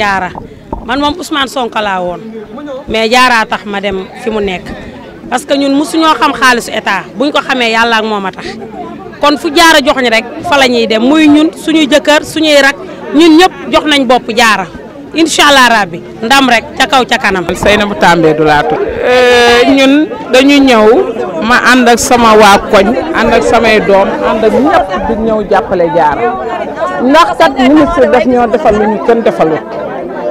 jaara man mom Ousmane sonka la won mais jaara tax ma dem fi mu nek parce que ñun mosuñoo xam xaalisu état buñ ko xamé yalla ak moma tax kon fu jaara joxoñ rek fa lañuy dem muy ñun suñuy jëkkër suñuy rak ñun ñëpp jox nañ bop jaara inshallah rabbi ndam rek ca kaw ca kanam. mu Tambédou du laa tudd euh, ñun dañu ñëw ma and ak sama wa koñ and ak samay doom and ak ñëpp du ñëw jappalé jaara ndax kat ministre daf ñoo defal ñu kën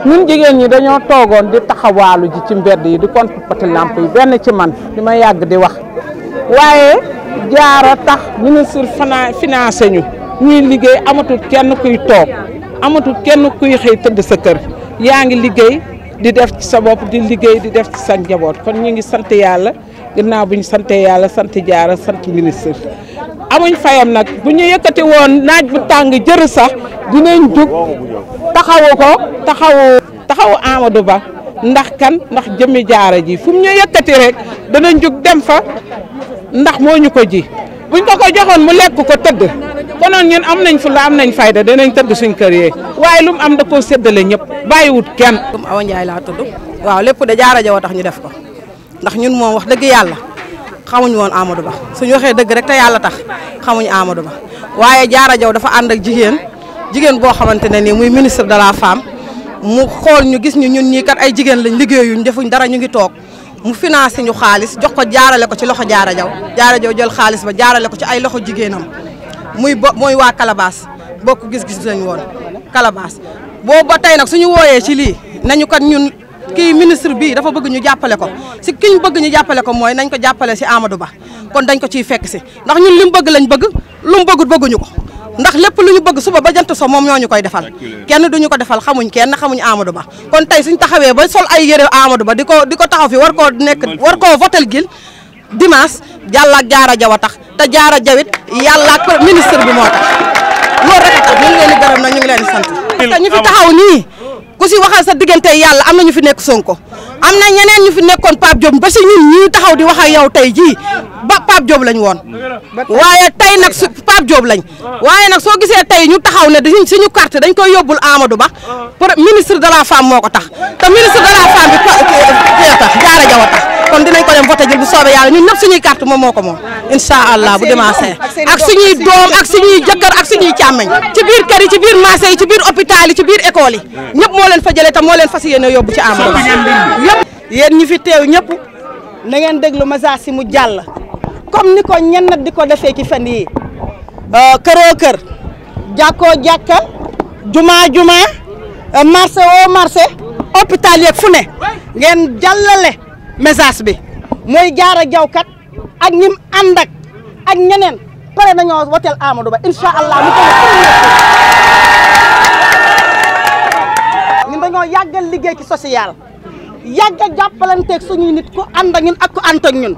ñun jigéen ñi dañoo toogoon di taxawaalu ji ci mbedd yi di kontpati lamp yi benn ci man li ma yàgg di wax waaye jaara tax ministre financé ñu ñuy liggéey amatul kenn kuy toog amatul kenn kuy xëy tëdd sa kër yaa ngi liggéey di def ci sa bopp di liggéey di def ci sa njaboot kon ñu ngi sant yàlla ginnaaw bi ñu sante yàlla sant jaara sant ministre amuñ fayam nag bu ñu yëkkati woon naaj bu tàng jër sax dinañ jug taxawu ko taxawu taxawu Amadou Ba ndax kan ndax jëmmi jaara ji fu mu ñu yëkkati rek danañ jug dem fa ndax moo ñu ko ji buñ ko ko joxoon mu lekk ko tëdd konoon ñun am nañ fu la am nañ fayda danañ tëdd suñ kër yee waaye lu mu am da koo seddale ñëpp bàyyiwut kenn. Awa Ndiaye laa tudd waaw lépp de jaara ja woo tax ñu def ko. ndax ñun moom wax dëgg yàlla xamuñu woon Amadou Ba suñu waxee dëgg rek te yàlla tax xamuñu Amadou Ba waaye Diarra dafa ànd ak jigéen jigéen boo xamante ne nii muy ministre de la femme mu xool ñu gis ñu ñun ñii kat ay jigéen lañ liggéeyuñ defuñ dara ñu ngi toog mu financé ñu xaalis jox ko jaarale ko ci loxo Diarra Diaw Diarra jël xaalis ba jaarale ko ci ay loxo jigéenam muy bo mooy waa boo bokk gis-gis lañ woon Calabas boobu ba tey nag suñu wooyee ci ki ministre bi dafa bëgg ñu jappalé ko si kiñ bëgg ñu jappalé ko moy nañ ko jappalé si Amadou Ba kon dañ ko ci fekk si ndax ñun li bëgg lañ bëgg lu mu bëggut bëgguñu ko ndax lepp lu ñu bëgg suba ba jant so mom ñoo ñukoy defal kenn duñu ko defal xamuñ kenn xamuñ Amadou Ba kon tay suñ taxawé ba sol ay yéré Amadou Ba di diko di taxaw fi war ko nekk war ko votel gil dimas jalla ak jaara jawa tax ta jaara jawit yalla ministre bi mo tax lo rek tax ñu leen di gërëm ñu ngi leen di sant ñu fi taxaw ni ku si waxal sa diggante yàlla am na ñu fi nekk Sonko am na ñeneen ñu fi nekkoon Pape Diop ba si ñun ñuy taxaw di wax ak yow tey jii ba Pape Diop lañ woon waaye tey nag su Pape lañ waaye nag soo gisee tey ñu taxaw ne suñu carte dañ koy yóbbul Amadou Ba pour ministre de la femme moo ko tax te ministre de la femme bi soobee yàlla ñun ñëpp suñuy carte moo ko moom incha allah bu demancé ak suñuy doom ak suñuy jëkkër ak suñuy càmmeñ ci biir kër yi ci biir marché yi ci biir hôpital yi ci biir école yi ñëpp moo leen fa jëlee te moo leen fas yéene yóbbu ci Amadou Ba yëpp ñi fi teew ñëpp na ngeen déglu message si mu jàll comme ni ko ñenn di ko defee ci fan yi euh, këroo kër jàkkoo jàkka jumaa jumaa marché oo marché hôpital yeeg fu ne ngeen jàllale message bi ak yow kat ak ñim andak ak ñeneen paré nañoo woteel Amadou Ba inshallah allah mu ko ñu dañu yàggal liggéey ci social yagga a ak suñu nit ku ànd ak ñun ak ku ànd ak ñun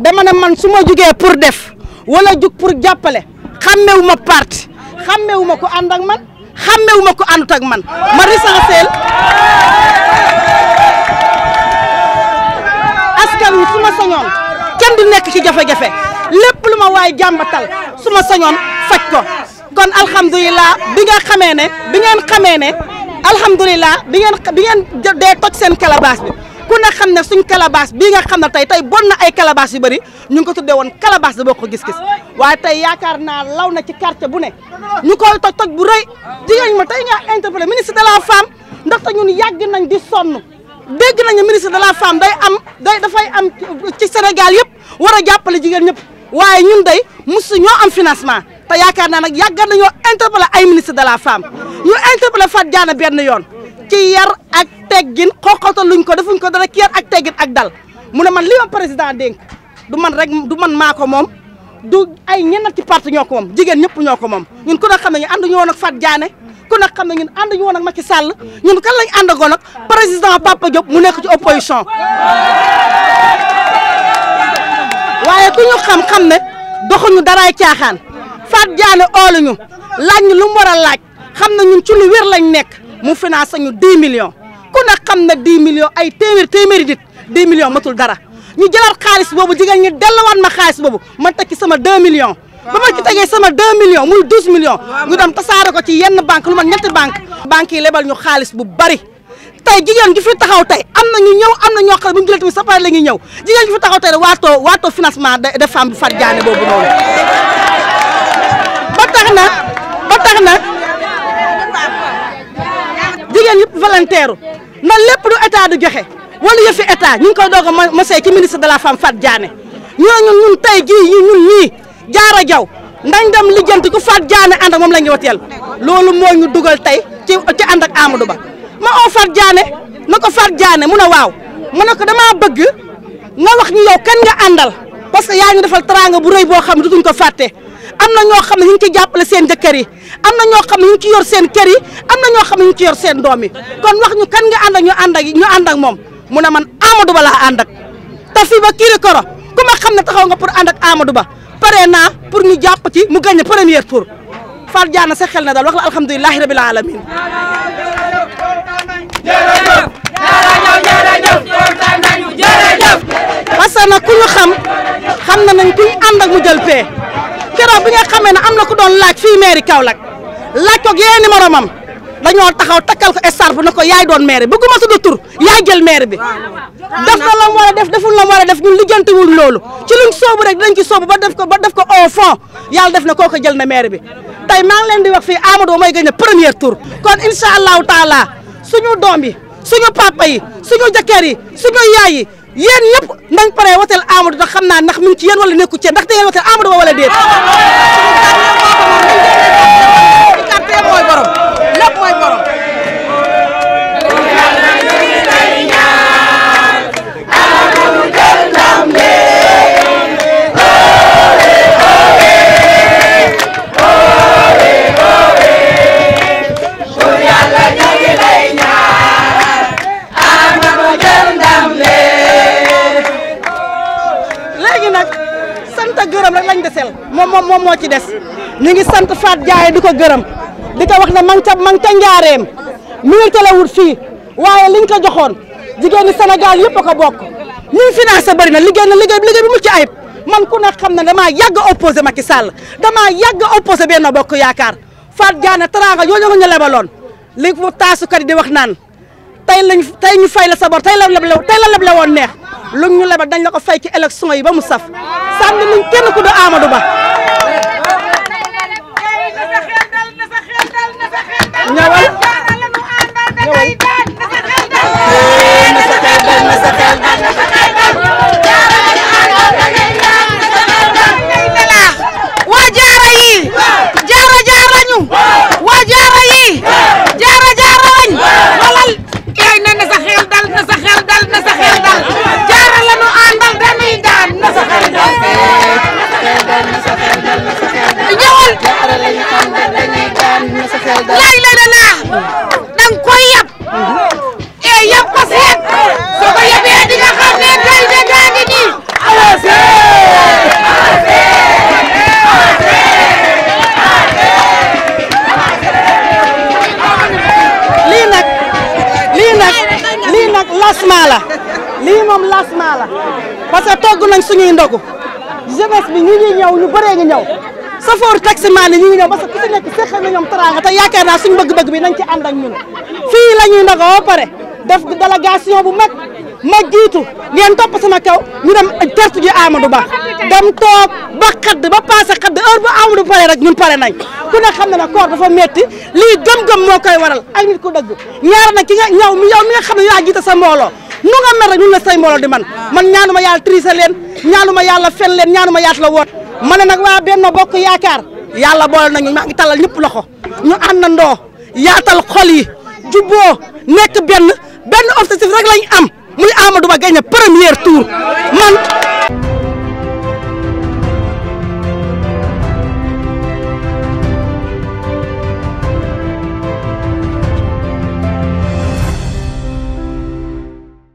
dama ne man suma ma pour def wala jug pour jappalé xàmmewu parti xàmmewu ko ku ak man xàmmewu ko ku ak man ma recenseel askan wi su ma kenn du nek ci jafé jafé lepp luma way jambatal suma su fajj ko kon alhamdullilah bi nga xamé ne bi ngeen xamé ne alhamdullilah bi ngeen bi ngeen dé toj sen calebasse bi ku na xamné suñ calebasse bi nga xam tay tay bonna ay calebasse yu bari ñu ko tuddé won calebasse da bokk gis-gis way tay yaakar na law na ci quartier bu né ñu koy toj toj bu di ñu ma tay nga interpeller ministre de la femme ndaxte ñun yàgg nañ di sonu dégg nañu ministre de la femme day am day dafay am ci Sénégal yëpp war a jàppale jigéen ñëpp waaye ñun day mosu ñoo am financement te yaakaar naa nag yàgg nañoo interpellé ay ministre de la femme ñu interpellé Fatou jaane benn yoon ci yar ak teggin lu ñu ko defuñ ko dara ci yar ak teggin ak dal mu ne man li ma président dénk du man rek du man maa ko moom du ay ñenn ci part ñoo ko moom jigéen ñëpp ñoo ko moom ñun ku ne xam ne ñu ànduñu woon ak Fatou Diané ku nag xam ne ñun ànd ñu woon ma Macky Sall ñun kan lañ àndagoon ak président Papa Diop mu nekk ci opposition waaye ku ñu xam-xam ne doxuñu daraay caaxaan Fat Diané ooluñu laaj ñu lu war a laaj xam na ñun ci lu weer lañ nekk mu financé ñu 10 millions ku nag xam na 10 million ay téeméer téeméeri nit 10 millions matul dara ñu jëlaat xaalis boobu jigéen ñi delluwaat ma xaalis boobu ma tekki sama 2 millions ba ma ci tegee sama 2 millions muy 12 millions ñu dem tasaare ko ci yenn banque lu ma ñetti banque banque lebal ñu xaalis bu bari tey jigéen gi fi taxaw tey am na ñu ñëw am na ñoo xam ne bu ñu jëlee tamit sapare la ñuy ñëw jigéen gi fi taxaw tey waatoo waatoo financement de femme bu Fat Diané boobu noonu ba tax na ba tax na jigéen yëpp volontaire na lépp lu état du joxe wala yëfi état ñu ngi koy doog a mosee ci ministre de la femme Fat Diané ñooñu ñun tey jii ñun ñii jaara jaw ndañ dem lijjanti ku fat jaane and ak mom la ngi wateel loolu moo ñu duggal tay ci ci and ak amadou ba ma o fat jaane nako fat jaane mu ne waw mu ne dama bëgg nga wax ñu yow kan nga andal parce que ya ñu defal teranga bu reuy bo xam ne ko faté amna ño ñoo xam ne ñu ci jappale seen jëkkeer yi amna ño ñoo xam ne ñu ci yor seen kër yi amna ño ñoo xam ne ñu ci yor seen doomi kon wax ñu kan nga and ak ñu and ak ñu and ak mom mu ne man amadou ba la and ak te fii ba kiiri koro kuma xamne ne taxaw nga pour and ak amadou ba pare naa pour ñu jàpp ci mu gagné premier tour Fall Diagne sa xel na daal wax la alhamdulilahi rabil alamin jërëjëf jërëjëf kontaan nañu jërëjëf parce que ku ñu xam xam na nañ kuñ ànd ak mu jël pee keroog bi nga xamee ne am na ku doon laaj fii mairie Kaolack laaj ko ak yeneen i dañoo taxaw takkal ko star bu na ko yaay doon maire bëgguma tudd tur yaay jël maire bi def na la mu war a def deful la mu war def ñun lijjantiwul loolu ci luñ soobu rek dinañ ci soobu ba def ko ba def ko au fond yàlla def na kooku jël na maire bi tey maa ngi leen di wax fii Amadou mooy gagné premier tour kon incha allahu taala suñu doom yi suñu papa yi suñu jëkkër yi suñu yaay yi yéen ñëpp nañ paree woteel Amadou ndax xam naa ndax mu ngi ci yéen wala nekku ci ndax te yéen woteel Amadou ba lépp nag borom. sant gërëm rek lañ desel moom moom moo ci des ñu ngi sant Fatou Ndiaye di ko gërëm di ko wax ne ma nga ca ma nga ca njaareem mérité la wut fii waaye liñ ko joxoon jigéeni Sénégal yëpp a ko bokk ñuy financé bëri na liggéey na liggéey liggéey bi mu ci ayib man ku na xam ne damaa yàgg opposé Macky Sall damaa yàgg opposé Benno Bokk Yaakaar Fatou Diagne teraanga yooyu ñu lebaloon li mu taasukat yi di wax naan tey lañ tey ñu fay la sa bor tey la leble tey la woon neex lu ñu lebal dañ la ko fay ci élection yi ba mu saf sànni nañ kenn ku du Amadou Ba 안녕하세요. parce que togg nañ suñuy ndogu jeunesse bi ñi ñuy ñëw ñu bëree ngi ñëw safoor taximaan yi ñu ngi ñëw parce que ku si nekk naa suñu bëgg-bëgg bi nañ ci ànd ak ñun fii la ñuy ndogoo ba pare def délégation bu mag ma jiitu ngeen topp sama kaw ñu dem tertu ji Amadou Ba dem toog ba xadd ba passé xadd heure bu Amadou pare rek ñu pare nañ ku ne xam ne ne koor dafa metti lii gëm-gëm moo koy waral ak nit ku dëgg ñaar nag ki nga ñaw mi yow mi nga xam ne yaa jiite sa mbooloo nu nga mel rek ñun la say mbooloo di man man ñaanu ma yàlla triser leen ñaanu ma yàlla fen leen ñaanu ma yaat la woot ma ne nag waa Benno Bokk Yaakaar yàlla boole nañu maa ngi talal ñëpp loxo ñu àndandoo yaatal xol yi jubboo nekk benn benn objectif rek lañ am muy Amadou Ba gagné premier tour man